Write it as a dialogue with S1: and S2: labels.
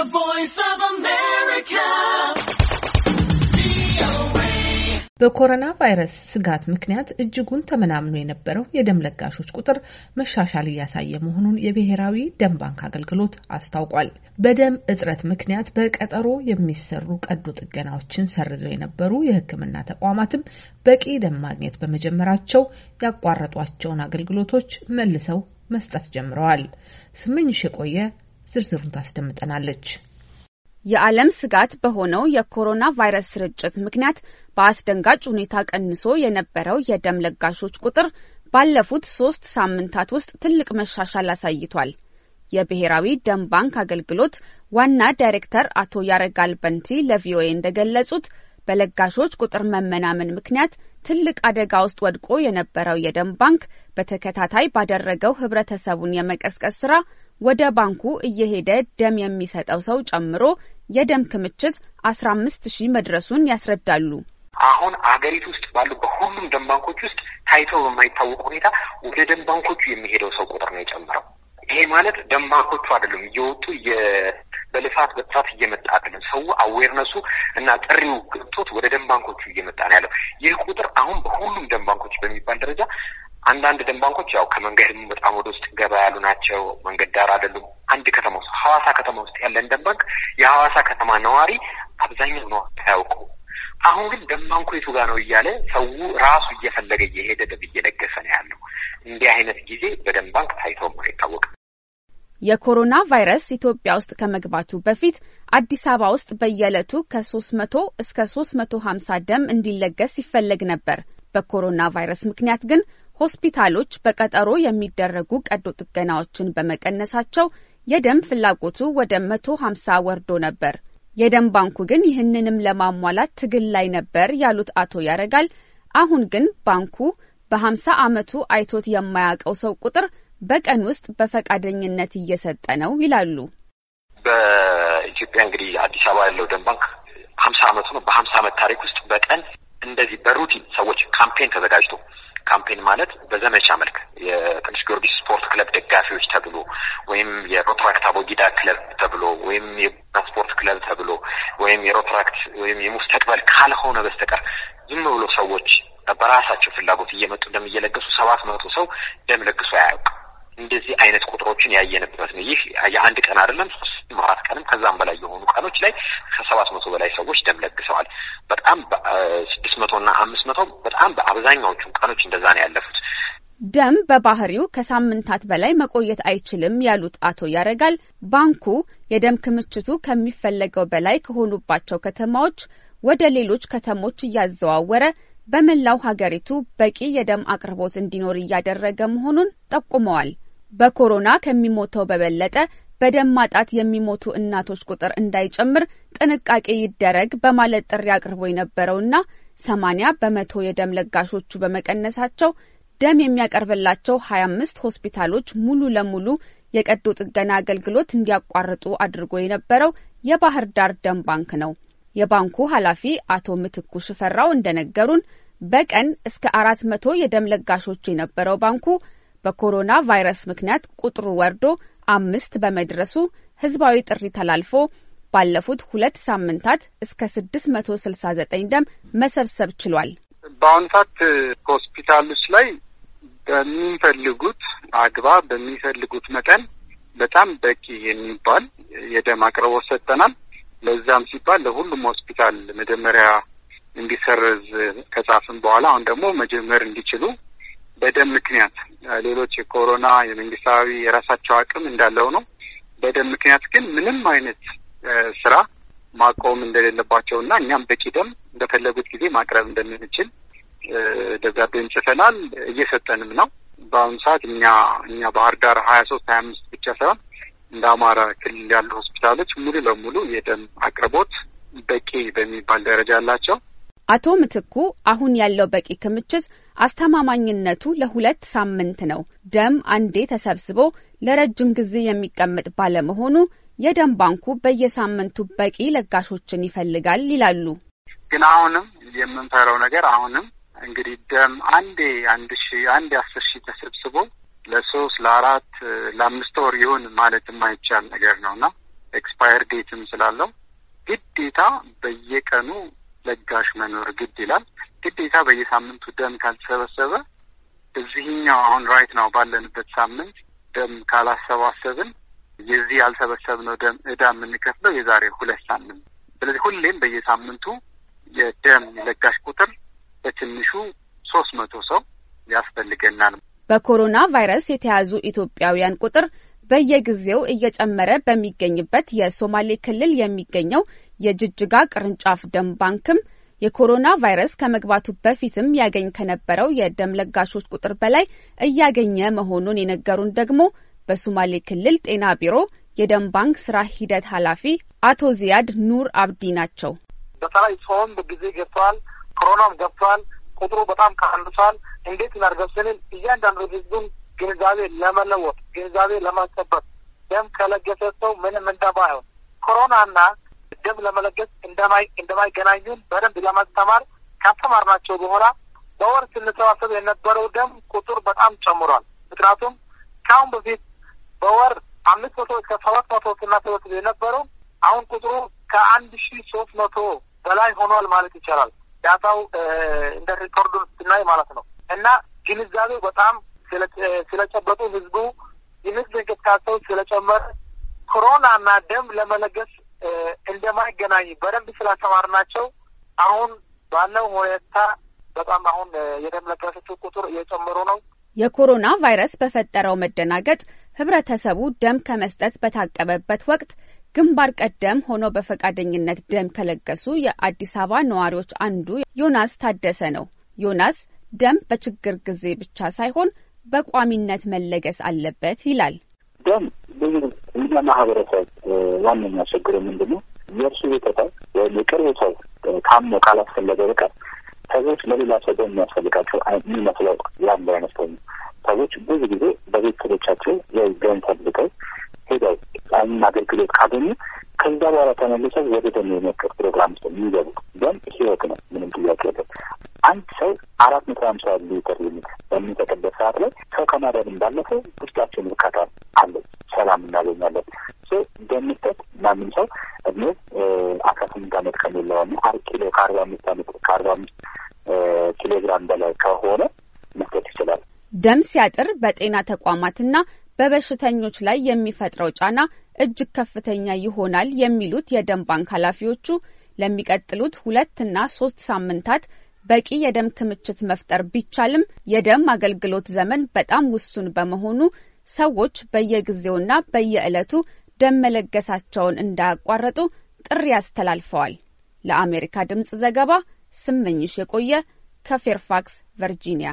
S1: The Voice
S2: of America.
S1: በኮሮና ቫይረስ ስጋት ምክንያት እጅጉን ተመናምኖ የነበረው የደም ለጋሾች ቁጥር መሻሻል እያሳየ መሆኑን የብሔራዊ ደም ባንክ አገልግሎት አስታውቋል። በደም እጥረት ምክንያት በቀጠሮ የሚሰሩ ቀዶ ጥገናዎችን ሰርዘው የነበሩ የሕክምና ተቋማትም በቂ ደም ማግኘት በመጀመራቸው ያቋረጧቸውን አገልግሎቶች መልሰው መስጠት ጀምረዋል። ስምኝሽ የቆየ ዝርዝሩን ታስደምጠናለች። የዓለም ስጋት በሆነው የኮሮና ቫይረስ ስርጭት ምክንያት በአስደንጋጭ ሁኔታ ቀንሶ የነበረው የደም ለጋሾች ቁጥር ባለፉት ሶስት ሳምንታት ውስጥ ትልቅ መሻሻል አሳይቷል። የብሔራዊ ደም ባንክ አገልግሎት ዋና ዳይሬክተር አቶ ያረጋል በንቲ ለቪኦኤ እንደገለጹት በለጋሾች ቁጥር መመናመን ምክንያት ትልቅ አደጋ ውስጥ ወድቆ የነበረው የደም ባንክ በተከታታይ ባደረገው ህብረተሰቡን የመቀስቀስ ስራ ወደ ባንኩ እየሄደ ደም የሚሰጠው ሰው ጨምሮ የደም ክምችት አስራ አምስት ሺህ መድረሱን ያስረዳሉ። አሁን
S3: አገሪቱ ውስጥ ባሉ በሁሉም ደም ባንኮች ውስጥ ታይቶ በማይታወቅ ሁኔታ ወደ ደም ባንኮቹ የሚሄደው ሰው ቁጥር ነው የጨመረው። ይሄ ማለት ደም ባንኮቹ አይደሉም እየወጡ በልፋት በጥፋት እየመጣ አይደለም። ሰው አዌርነሱ እና ጥሪው ገብቶት ወደ ደም ባንኮቹ እየመጣ ነው ያለው። ይህ ቁጥር አሁን በሁሉም ደም ባንኮች በሚባል ደረጃ አንዳንድ ደን ባንኮች ያው ከመንገድም በጣም ወደ ውስጥ ገባ ያሉ ናቸው። መንገድ ዳር አይደሉም። አንድ ከተማ ውስጥ ሀዋሳ ከተማ ውስጥ ያለን ደን ባንክ የሀዋሳ ከተማ ነዋሪ አብዛኛው ነው አያውቁ። አሁን ግን ደን የቱ ጋር ነው እያለ ሰው ራሱ እየፈለገ እየሄደ ደብ እየለገሰ ነው ያለው። እንዲህ አይነት ጊዜ በደን ባንክ ታይቶም አይታወቅም።
S1: የኮሮና ቫይረስ ኢትዮጵያ ውስጥ ከመግባቱ በፊት አዲስ አበባ ውስጥ በየዕለቱ ከ300 እስከ 350 ደም እንዲለገስ ይፈለግ ነበር። በኮሮና ቫይረስ ምክንያት ግን ሆስፒታሎች በቀጠሮ የሚደረጉ ቀዶ ጥገናዎችን በመቀነሳቸው የደም ፍላጎቱ ወደ መቶ ሀምሳ ወርዶ ነበር። የደም ባንኩ ግን ይህንንም ለማሟላት ትግል ላይ ነበር ያሉት አቶ ያረጋል፣ አሁን ግን ባንኩ በሀምሳ ዓመቱ አይቶት የማያውቀው ሰው ቁጥር በቀን ውስጥ በፈቃደኝነት እየሰጠ ነው ይላሉ።
S3: በኢትዮጵያ እንግዲህ አዲስ አበባ ያለው ደም ባንክ ሀምሳ አመቱ ነው። በሀምሳ አመት ታሪክ ውስጥ በቀን እንደዚህ በሩቲን ሰዎች ካምፔን ተዘጋጅቶ ካምፔን ማለት በዘመቻ መልክ የቅዱስ ጊዮርጊስ ስፖርት ክለብ ደጋፊዎች ተብሎ ወይም የሮትራክት አቦጊዳ ክለብ ተብሎ ወይም የቡና ስፖርት ክለብ ተብሎ ወይም የሮትራክት ወይም የሙስተቅበል ካልሆነ በስተቀር ዝም ብሎ ሰዎች በራሳቸው ፍላጎት እየመጡ እንደሚየለገሱ ሰባት መቶ ሰው ደም ለግሶ አያውቅ። እንደዚህ አይነት ቁጥሮችን ያየንበት ነው። ይህ የአንድ ቀን አይደለም፣ ሶስት አራት ቀንም ከዛም በላይ የሆኑ ቀኖች ላይ ከሰባት መቶ በላይ ሰዎች ደም ለግሰዋል። በጣም ስድስት መቶ እና አምስት መቶ በጣም በአብዛኛዎቹም ቀኖች እንደዛ ነው ያለፉት።
S1: ደም በባህሪው ከሳምንታት በላይ መቆየት አይችልም ያሉት አቶ ያረጋል ባንኩ የደም ክምችቱ ከሚፈለገው በላይ ከሆኑባቸው ከተማዎች ወደ ሌሎች ከተሞች እያዘዋወረ በመላው ሀገሪቱ በቂ የደም አቅርቦት እንዲኖር እያደረገ መሆኑን ጠቁመዋል። በኮሮና ከሚሞተው በበለጠ በደም ማጣት የሚሞቱ እናቶች ቁጥር እንዳይጨምር ጥንቃቄ ይደረግ በማለት ጥሪ አቅርቦ የነበረውና ሰማኒያ በመቶ የደም ለጋሾቹ በመቀነሳቸው ደም የሚያቀርብላቸው ሀያ አምስት ሆስፒታሎች ሙሉ ለሙሉ የቀዶ ጥገና አገልግሎት እንዲያቋርጡ አድርጎ የነበረው የባህር ዳር ደም ባንክ ነው። የባንኩ ኃላፊ አቶ ምትኩ ሽፈራው እንደነገሩን በቀን እስከ አራት መቶ የደም ለጋሾች የነበረው ባንኩ በኮሮና ቫይረስ ምክንያት ቁጥሩ ወርዶ አምስት በመድረሱ ህዝባዊ ጥሪ ተላልፎ ባለፉት ሁለት ሳምንታት እስከ ስድስት መቶ ስልሳ ዘጠኝ ደም መሰብሰብ ችሏል።
S2: በአሁኑ ሰዓት ሆስፒታሎች ላይ በሚፈልጉት አግባብ በሚፈልጉት መጠን በጣም በቂ የሚባል የደም አቅርቦት ሰጠናል። ለዛም ሲባል ለሁሉም ሆስፒታል መጀመሪያ እንዲሰረዝ ከጻፍን በኋላ አሁን ደግሞ መጀመር እንዲችሉ በደም ምክንያት ሌሎች የኮሮና የመንግስታዊ የራሳቸው አቅም እንዳለው ነው። በደም ምክንያት ግን ምንም አይነት ስራ ማቆም እንደሌለባቸው እና እኛም በቂ ደም በፈለጉት ጊዜ ማቅረብ እንደምንችል ደብዳቤም ጽፈናል እየሰጠንም ነው። በአሁኑ ሰዓት እኛ እኛ ባህር ዳር ሀያ ሶስት ሀያ አምስት ብቻ ሳይሆን እንደ አማራ ክልል ያሉ ሆስፒታሎች ሙሉ ለሙሉ የደም አቅርቦት በቂ በሚባል ደረጃ አላቸው።
S1: አቶ ምትኩ አሁን ያለው በቂ ክምችት አስተማማኝነቱ ለሁለት ሳምንት ነው። ደም አንዴ ተሰብስቦ ለረጅም ጊዜ የሚቀመጥ ባለመሆኑ የደም ባንኩ በየሳምንቱ በቂ ለጋሾችን ይፈልጋል ይላሉ።
S2: ግን አሁንም የምንፈረው ነገር አሁንም እንግዲህ ደም አንዴ አንድ ሺ አንድ አስር ሺህ ተሰብስቦ ለሶስት ለአራት ለአምስት ወር ይሁን ማለት የማይቻል ነገር ነው እና ኤክስፓየር ዴትም ስላለው ግዴታ በየቀኑ ለጋሽ መኖር ግድ ይላል። ግዴታ በየሳምንቱ ደም ካልተሰበሰበ እዚህኛው አሁን ራይት ነው ባለንበት ሳምንት ደም ካላሰባሰብን የዚህ ያልሰበሰብነው ደም እዳ የምንከፍለው የዛሬ ሁለት ሳምንት። ስለዚህ ሁሌም በየሳምንቱ የደም ለጋሽ ቁጥር በትንሹ ሶስት መቶ ሰው ያስፈልገናል።
S1: በኮሮና ቫይረስ የተያዙ ኢትዮጵያውያን ቁጥር በየጊዜው እየጨመረ በሚገኝበት የሶማሌ ክልል የሚገኘው የጅጅጋ ቅርንጫፍ ደም ባንክም የኮሮና ቫይረስ ከመግባቱ በፊትም ያገኝ ከነበረው የደም ለጋሾች ቁጥር በላይ እያገኘ መሆኑን የነገሩን ደግሞ በሶማሌ ክልል ጤና ቢሮ የደም ባንክ ስራ ሂደት ኃላፊ አቶ ዚያድ ኑር አብዲ ናቸው።
S2: በተለይ ሰውም ጊዜ ገብተዋል፣ ኮሮናም ገብተዋል፣ ቁጥሩ በጣም ቀንሷል። እንዴት እናድርገው እያንዳንዱ ህዝቡን ግንዛቤ ለመለወጥ ግንዛቤ ለማስጨበጥ ደም ከለገሰ ሰው ምንም እንደማይሆን ኮሮናና ደም ለመለገስ እንደማይ እንደማይገናኙን በደንብ ለማስተማር ካስተማርናቸው በኋላ በወር ስንሰባሰብ የነበረው ደም ቁጥር በጣም ጨምሯል። ምክንያቱም ከአሁን በፊት በወር አምስት መቶ እስከ ሰባት መቶ ስናሰበስብ የነበረው አሁን ቁጥሩ ከአንድ ሺ ሶስት መቶ በላይ ሆኗል ማለት ይቻላል። ዳታው እንደ ሪኮርዱ ስናይ ማለት ነው እና ግንዛቤው በጣም ስለጨበጡ ህዝቡ የንግድ እንቅስቃሴው ስለጨመረ ኮሮናና ደም ለመለገስ እንደማይገናኝ በደንብ ስላስተማርናቸው አሁን ባለው ሁኔታ በጣም አሁን የደም ለጋሾቹ ቁጥር እየጨመሩ ነው።
S1: የኮሮና ቫይረስ በፈጠረው መደናገጥ ህብረተሰቡ ደም ከመስጠት በታቀበበት ወቅት ግንባር ቀደም ሆኖ በፈቃደኝነት ደም ከለገሱ የአዲስ አበባ ነዋሪዎች አንዱ ዮናስ ታደሰ ነው። ዮናስ ደም በችግር ጊዜ ብቻ ሳይሆን በቋሚነት መለገስ አለበት ይላል።
S2: ደም ብዙ እኛ ማህበረሰብ ዋነኛ ችግሩ ምንድን ነው? የእርሱ ቤተሰብ ወይም የቅርብ ሰው ታሞ ካላስፈለገ በቀር ሰዎች ለሌላ ሰው ደም የሚያስፈልጋቸው የሚመስለው ያለ አይመስለኝ። ሰዎች ብዙ ጊዜ በቤተሰቦቻቸው የደም ፈልገው ሄደው አይን አገልግሎት ካገኙ ከዛ በኋላ ተመልሰው ወደ ደም የመክር ፕሮግራም ውስጥ የሚገቡ ደም ህይወት ነው። ምንም ጥያቄ የለም። አንድ ሰው አራት መቶ ሀምሳ ሊትር በሚጠቅበት ሰዓት ላይ ሰው ከማዳንም ባለፈ ውስጣችን እርካታ አለ፣ ሰላም እናገኛለን። እንደሚጠጥ ማንም ሰው እድሜ አስራ ስምንት አመት ከሞላው እና አር ኪሎ ከአርባ አምስት አመት ከአርባ አምስት ኪሎ ግራም በላይ ከሆነ መስጠት ይችላል።
S1: ደም ሲያጥር በጤና ተቋማትና በበሽተኞች ላይ የሚፈጥረው ጫና እጅግ ከፍተኛ ይሆናል የሚሉት የደም ባንክ ኃላፊዎቹ ለሚቀጥሉት ሁለትና ሶስት ሳምንታት በቂ የደም ክምችት መፍጠር ቢቻልም የደም አገልግሎት ዘመን በጣም ውሱን በመሆኑ ሰዎች በየጊዜውና በየዕለቱ ደም መለገሳቸውን እንዳያቋረጡ ጥሪ አስተላልፈዋል። ለአሜሪካ ድምፅ ዘገባ ስመኝሽ የቆየ ከፌርፋክስ ቨርጂኒያ